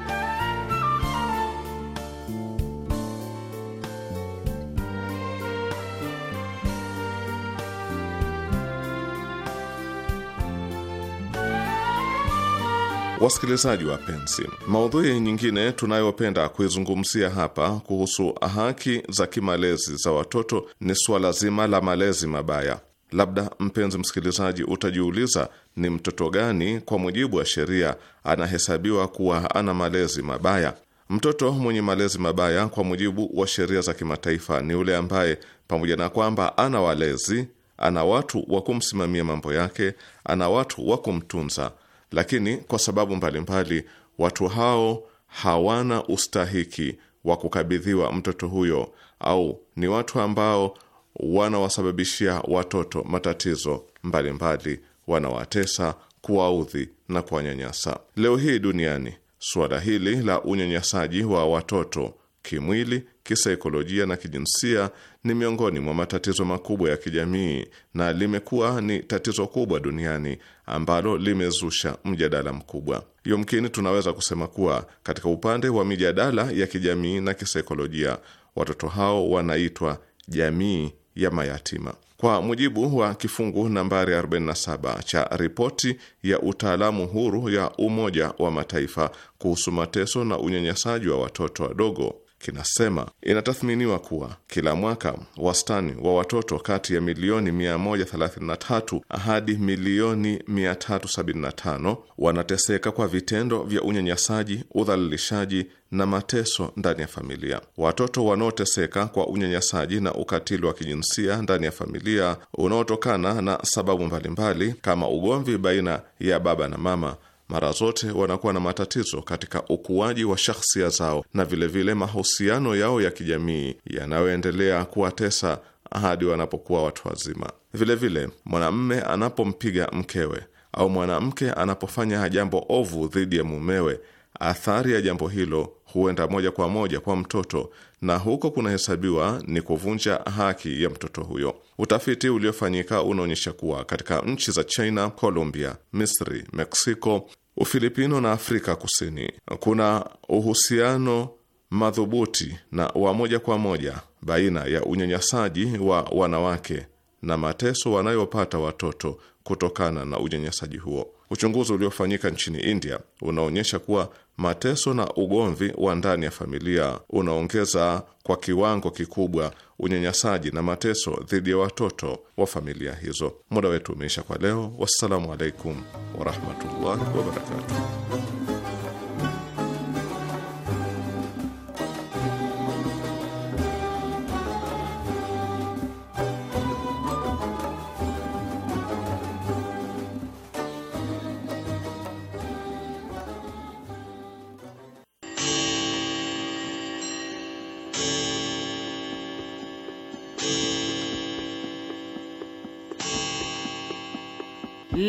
Wasikilizaji wapenzi, maudhui nyingine tunayopenda kuizungumzia hapa kuhusu haki za kimalezi za watoto ni suala zima la malezi mabaya. Labda mpenzi msikilizaji, utajiuliza ni mtoto gani kwa mujibu wa sheria anahesabiwa kuwa ana malezi mabaya? Mtoto mwenye malezi mabaya kwa mujibu wa sheria za kimataifa ni yule ambaye pamoja na kwamba ana walezi, ana watu wa kumsimamia mambo yake, ana watu wa kumtunza lakini kwa sababu mbalimbali mbali, watu hao hawana ustahiki wa kukabidhiwa mtoto huyo au ni watu ambao wanawasababishia watoto matatizo mbalimbali, wanawatesa, kuwaudhi na kuwanyanyasa. Leo hii duniani suala hili la unyanyasaji wa watoto kimwili kisaikolojia na kijinsia ni miongoni mwa matatizo makubwa ya kijamii na limekuwa ni tatizo kubwa duniani ambalo limezusha mjadala mkubwa. Yomkini tunaweza kusema kuwa katika upande wa mijadala ya kijamii na kisaikolojia, watoto hao wanaitwa jamii ya mayatima. Kwa mujibu wa kifungu nambari 47 cha ripoti ya utaalamu huru ya Umoja wa Mataifa kuhusu mateso na unyanyasaji wa watoto wadogo kinasema inatathminiwa kuwa kila mwaka wastani wa watoto kati ya milioni 133 hadi milioni 375 wanateseka kwa vitendo vya unyanyasaji, udhalilishaji na mateso ndani ya familia. Watoto wanaoteseka kwa unyanyasaji na ukatili wa kijinsia ndani ya familia unaotokana na sababu mbalimbali kama ugomvi baina ya baba na mama mara zote wanakuwa na matatizo katika ukuaji wa shahsia zao na vilevile vile mahusiano yao ya kijamii yanayoendelea kuwatesa hadi wanapokuwa watu wazima. Vilevile, mwanamme anapompiga mkewe au mwanamke anapofanya jambo ovu dhidi ya mumewe, athari ya jambo hilo huenda moja kwa moja kwa mtoto na huko kunahesabiwa ni kuvunja haki ya mtoto huyo. Utafiti uliofanyika unaonyesha kuwa katika nchi za China, Colombia, Misri, Meksiko, Ufilipino na Afrika Kusini kuna uhusiano madhubuti na wa moja kwa moja baina ya unyanyasaji wa wanawake na mateso wanayopata watoto kutokana na unyanyasaji huo. Uchunguzi uliofanyika nchini India unaonyesha kuwa mateso na ugomvi wa ndani ya familia unaongeza kwa kiwango kikubwa unyanyasaji na mateso dhidi ya watoto wa familia hizo. Muda wetu umeisha kwa leo. Wassalamu alaikum warahmatullahi wabarakatuh.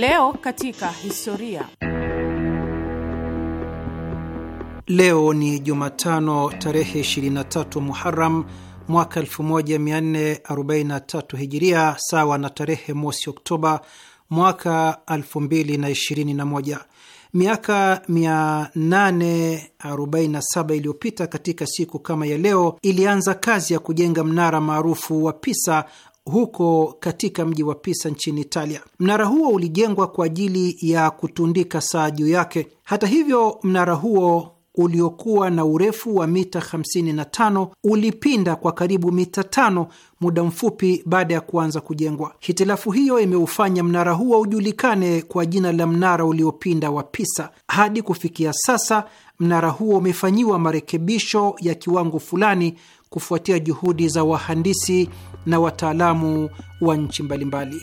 Leo katika historia. Leo ni Jumatano tarehe 23 Muharam mwaka 1443 Hijiria, sawa na tarehe mosi Oktoba mwaka 2021. Miaka 847 iliyopita katika siku kama ya leo ilianza kazi ya kujenga mnara maarufu wa Pisa huko katika mji wa Pisa nchini Italia. Mnara huo ulijengwa kwa ajili ya kutundika saa juu yake. Hata hivyo, mnara huo uliokuwa na urefu wa mita 55 ulipinda kwa karibu mita tano muda mfupi baada ya kuanza kujengwa. Hitilafu hiyo imeufanya mnara huo ujulikane kwa jina la mnara uliopinda wa Pisa. Hadi kufikia sasa, mnara huo umefanyiwa marekebisho ya kiwango fulani kufuatia juhudi za wahandisi na wataalamu wa nchi mbalimbali.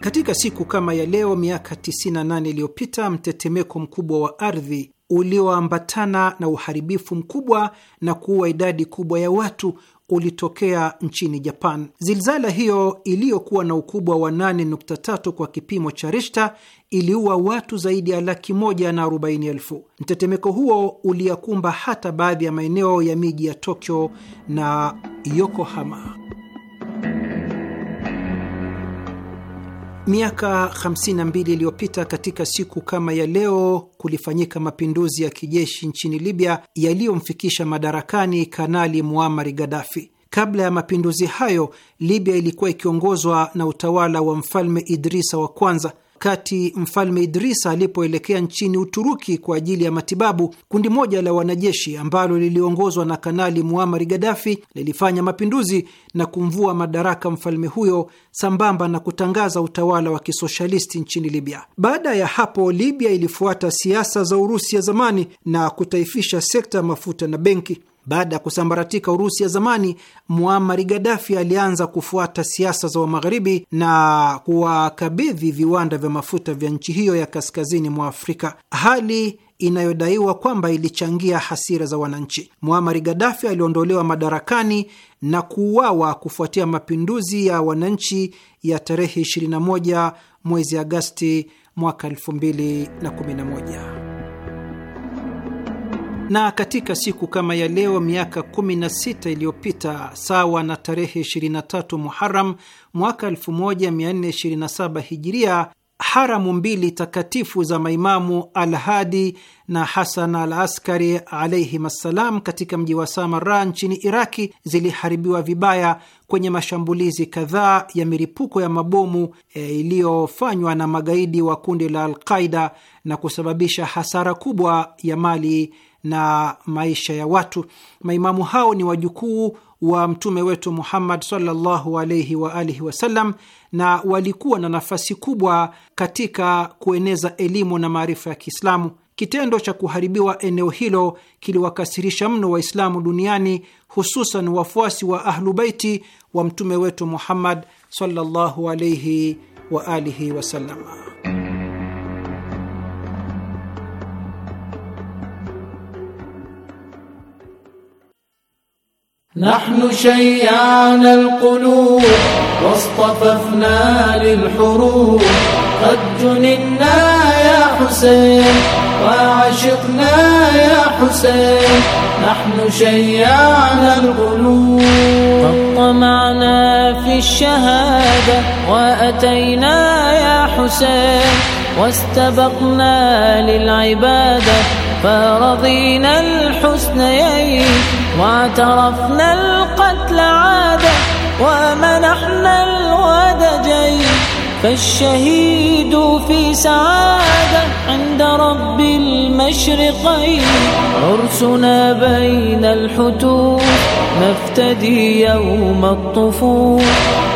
Katika siku kama ya leo miaka 98 iliyopita, mtetemeko mkubwa wa ardhi ulioambatana na uharibifu mkubwa na kuua idadi kubwa ya watu ulitokea nchini Japan. Zilzala hiyo iliyokuwa na ukubwa wa 8.3 kwa kipimo cha Rishta iliua watu zaidi ya laki moja na arobaini elfu. Mtetemeko huo uliyakumba hata baadhi ya maeneo ya miji ya Tokyo na Yokohama. Miaka 52 iliyopita katika siku kama ya leo kulifanyika mapinduzi ya kijeshi nchini Libya yaliyomfikisha madarakani Kanali muamari Gaddafi. Kabla ya mapinduzi hayo, Libya ilikuwa ikiongozwa na utawala wa Mfalme Idrisa wa kwanza Wakati mfalme idris alipoelekea nchini Uturuki kwa ajili ya matibabu, kundi moja la wanajeshi ambalo liliongozwa na Kanali Muamari Gadafi lilifanya mapinduzi na kumvua madaraka mfalme huyo sambamba na kutangaza utawala wa kisoshalisti nchini Libya. Baada ya hapo, Libya ilifuata siasa za Urusi ya zamani na kutaifisha sekta ya mafuta na benki. Baada ya kusambaratika Urusi ya zamani, Muamari gadafi alianza kufuata siasa za Wamagharibi na kuwakabidhi viwanda vya mafuta vya nchi hiyo ya kaskazini mwa Afrika, hali inayodaiwa kwamba ilichangia hasira za wananchi. Muamari gadafi aliondolewa madarakani na kuuawa kufuatia mapinduzi ya wananchi ya tarehe 21 mwezi Agasti mwaka 2011. Na katika siku kama ya leo miaka 16 iliyopita, sawa na tarehe 23 Muharam mwaka 1427 Hijiria, haramu mbili takatifu za maimamu Alhadi na Hasan al Askari alaihim assalam katika mji wa Samara nchini Iraki ziliharibiwa vibaya kwenye mashambulizi kadhaa ya milipuko ya mabomu e, iliyofanywa na magaidi wa kundi la Alqaida na kusababisha hasara kubwa ya mali na maisha ya watu. Maimamu hao ni wajukuu wa mtume wetu Muhammad sallallahu alaihi wa alihi wasallam, na walikuwa na nafasi kubwa katika kueneza elimu na maarifa ya Kiislamu. Kitendo cha kuharibiwa eneo hilo kiliwakasirisha mno Waislamu duniani, hususan wafuasi wa Ahlubaiti wa mtume wetu Muhammad sallallahu alaihi wa alihi wasallam. نحن شيعنا القلوب واصطففنا للحروب قد جننا يا حسين وعشقنا يا حسين نحن شيعنا القلوب قد طمعنا في الشهادة وأتينا يا حسين واستبقنا للعبادة فرضينا الحسنيين واعترفنا القتل عادة ومنحنا الودجين فالشهيد في سعادة عند رب المشرقين عرسنا بين الحتوف نفتدي يوم الطفوف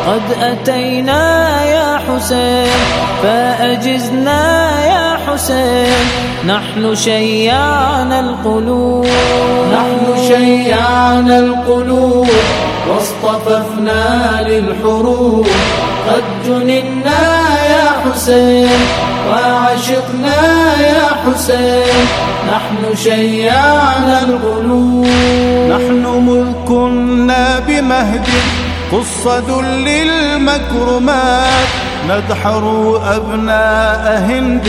قد أتينا يا حسين فأجزنا يا حسين نحن شيعنا القلوب نحن شيعنا القلوب واصطففنا للحروب قد جننا يا حسين وعشقنا يا حسين نحن شيعنا القلوب نحن ملك لا بمهد قص للمكرمات ندحر أبناء هند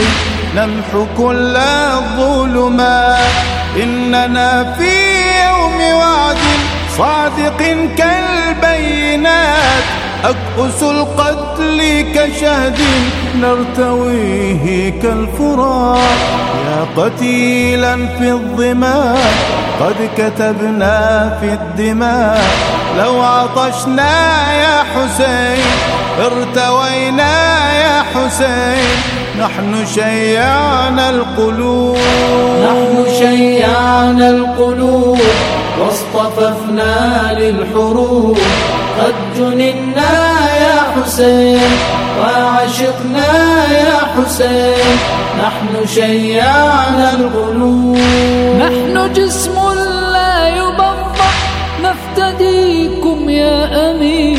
نمحو كل الظلمات إننا في يوم وعد صادق كالبينات أكؤس القتل كشهد نرتويه كالفرا يا قتيلا في الظما قد كتبنا في الدماء لو عطشنا يا حسين ارتوينا يا حسين نحن شيعنا القلوب نحن شيعنا القلوب واصطففنا للحروب قد جننا يا حسين وعشقنا يا حسين نحن شيعنا الغلوب نحن جسم لا يبضع نفتديكم يا أمين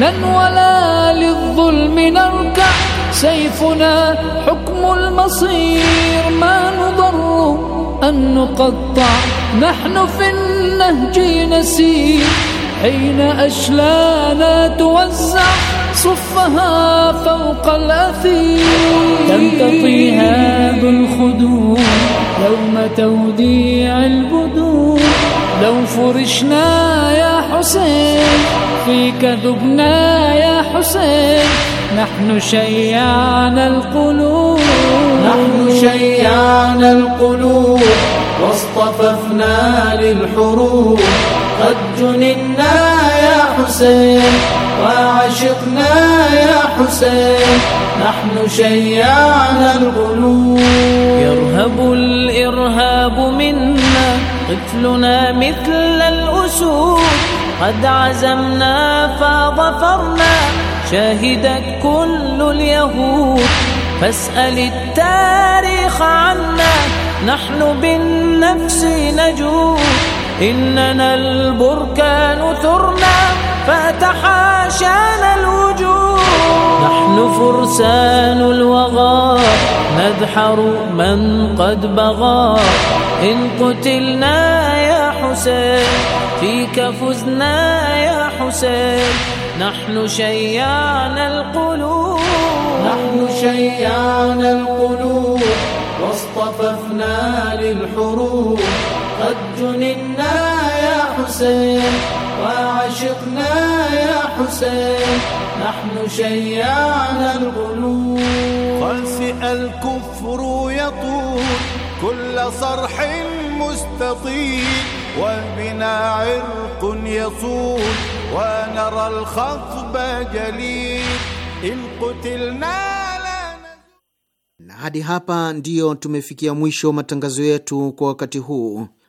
لن ولا للظلم نركع سيفنا حكم المصير ما نضر أن نقطع نحن في النهج نسير حين أشلانا توزع صفها فوق الأثير تنتطي هذا الخدود يوم توديع البدور لو فرشنا يا حسين فيك ذبنا يا حسين نحن شيعنا القلوب نحن شيعنا القلوب واصطففنا للحروب قد جننا يا حسين وعشقنا يا حسين نحن شيعنا القلوب يرهب الإرهاب منا قتلنا مثل الأسود قد عزمنا فظفرنا شاهدت كل اليهود فاسأل التاريخ عنا نحن بالنفس نجود إننا البركان ثرنا فتحاشانا الوجوه نحن فرسان الوغى نذحر من قد بغى إن قتلنا يا حسين فيك فزنا يا حسين نحن شيعنا القلوب نحن شيعنا القلوب واصطففنا للحروب قد يا حسين وعشقنا يا حسين نحن شيعنا القلوب خلفي الكفر يطول كل صرح مستطيل وبنا عرق يصول ونرى الخطب جليل إن قتلنا na hadi hapa ndiyo tumefikia mwisho matangazo yetu kwa wakati huu.